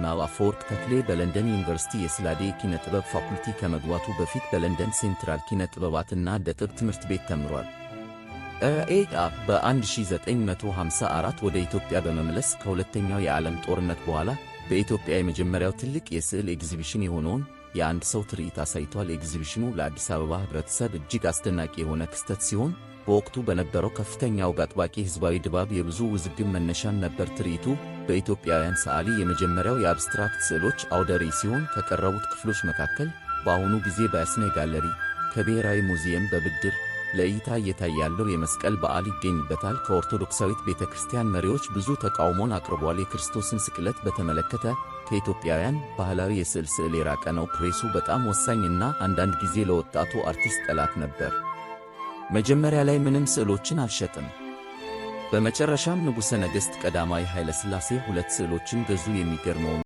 ጀግናው አፈወርቅ ተክሌ በለንደን ዩኒቨርሲቲ የስላዴ ኪነ ጥበብ ፋኩልቲ ከመግባቱ በፊት በለንደን ሴንትራል ኪነ ጥበባትና ደጥብ ትምህርት ቤት ተምሯል። ኤአ በ1954 ወደ ኢትዮጵያ በመመለስ ከሁለተኛው የዓለም ጦርነት በኋላ በኢትዮጵያ የመጀመሪያው ትልቅ የስዕል ኤግዚቢሽን የሆነውን የአንድ ሰው ትርኢት አሳይቷል። ኤግዚቢሽኑ ለአዲስ አበባ ህብረተሰብ እጅግ አስደናቂ የሆነ ክስተት ሲሆን በወቅቱ በነበረው ከፍተኛው አጥባቂ ሕዝባዊ ድባብ የብዙ ውዝግብ መነሻን ነበር። ትርኢቱ በኢትዮጵያውያን ሰዓሊ የመጀመሪያው የአብስትራክት ስዕሎች አውደ ርዕይ ሲሆን ከቀረቡት ክፍሎች መካከል በአሁኑ ጊዜ በያስኔ ጋለሪ ከብሔራዊ ሙዚየም በብድር ለእይታ እየታይ ያለው የመስቀል በዓል ይገኝበታል። ከኦርቶዶክሳዊት ቤተ ክርስቲያን መሪዎች ብዙ ተቃውሞን አቅርቧል። የክርስቶስን ስቅለት በተመለከተ ከኢትዮጵያውያን ባህላዊ የስዕል ስዕል የራቀ ነው። ፕሬሱ በጣም ወሳኝና አንዳንድ ጊዜ ለወጣቱ አርቲስት ጠላት ነበር። መጀመሪያ ላይ ምንም ስዕሎችን አልሸጥም። በመጨረሻም ንጉሠ ነገሥት ቀዳማዊ ኃይለ ሥላሴ ሁለት ስዕሎችን ገዙ። የሚገርመው